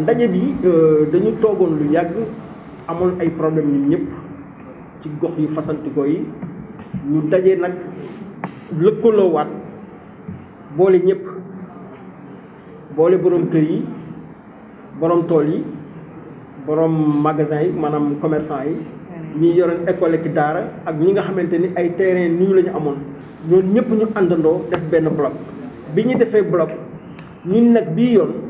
ndaje bi euh, dañu togon lu yagg amul ay problème ñun ñep ci gox yu fasantikoo yi ñu daje nag wat boole ñep boole borom kër yi borom tol yi borom magasin yi manam commerçant yi ñi yoron école ki dara ak ñi nga xamanteni ay terrain ñu lañu ñoon ñep ñu andando def ben bloc biñu défé bloc ñun nak bi yoon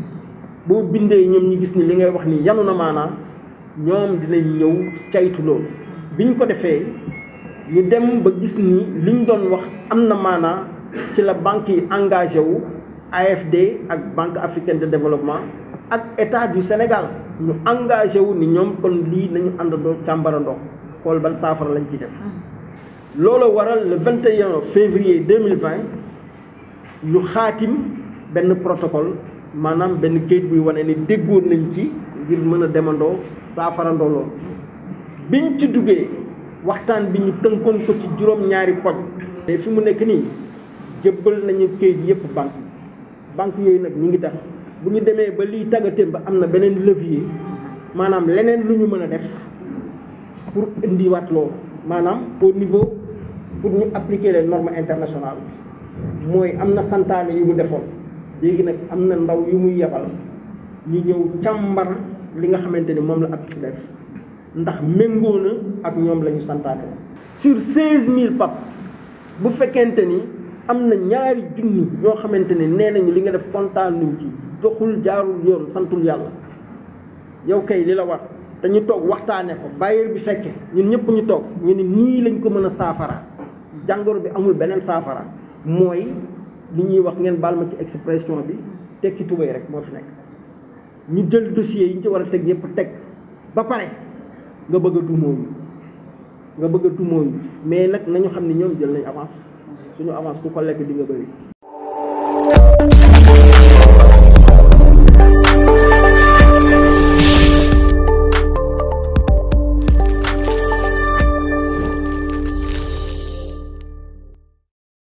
boo bindee ñoom ñu gis ni li ngay wax ni yanu na maanaa ñoom dinañ ñëw caytu loolu ñu ko defee ñu dem ba gis ni li ñu doon wax am na maanaa ci la banque yi engagé wu AFD ak Banque africaine de développement ak état du Sénégal ñu engagé wu ni ñoom kon lii nañu àndandoo càmbarandoo xool ban saafara lañ ci def loolu waral le 21 février 2020 ñu xaatim benn protocole maanaam benn kayit buy wane ni déggoon nañu ci ngir mën a demandoo saafarandoo loolu biñ ci duggee waxtaan bi ñu tënkoon ko ci juróom-ñaari poñ. te fi mu nekk nii jëbbal nañu kayit yëpp banque yi banque yooyu nag ñu ngi tax bu ñu demee ba liy tàggateem ba am na beneen levier maanaam leneen lu ñu mën a def pour indiwaat loolu maanaam au niveau pour ñu appliquer leen normes internationales mooy am na santaane yu mu defoon. léegi nag am na ndaw yu muy yebal ñu ñëw càmbar li nga xamante ni moom la ab ci def ndax méngoo na ak ñoom lañu ñu santaane sur seize mille pap bu fekkente ni am na ñaari junni ñoo xamante ne nee nañu li nga def kontaan luñ ci doxul jaarul yoon santul yàlla yow kay li la war te ñu toog waxtaane ko bàyyir bi fekke ñun ñëpp ñu toog ñu ne nii lañ ko mën a saafara jàngoro bi amul beneen saafara mooy ni ñuy wax ngeen baal ma ci expression bi tekki tubéy rek moo fi nekk ñu jël dossier yi ñu ci war a teg yëpp teg ba pare nga bëgg a tuumoo nga bëgg a tuumoo mais nag nañu xam ne ñoom jël nañ avance suñu avance ku ko lekk di nga bëri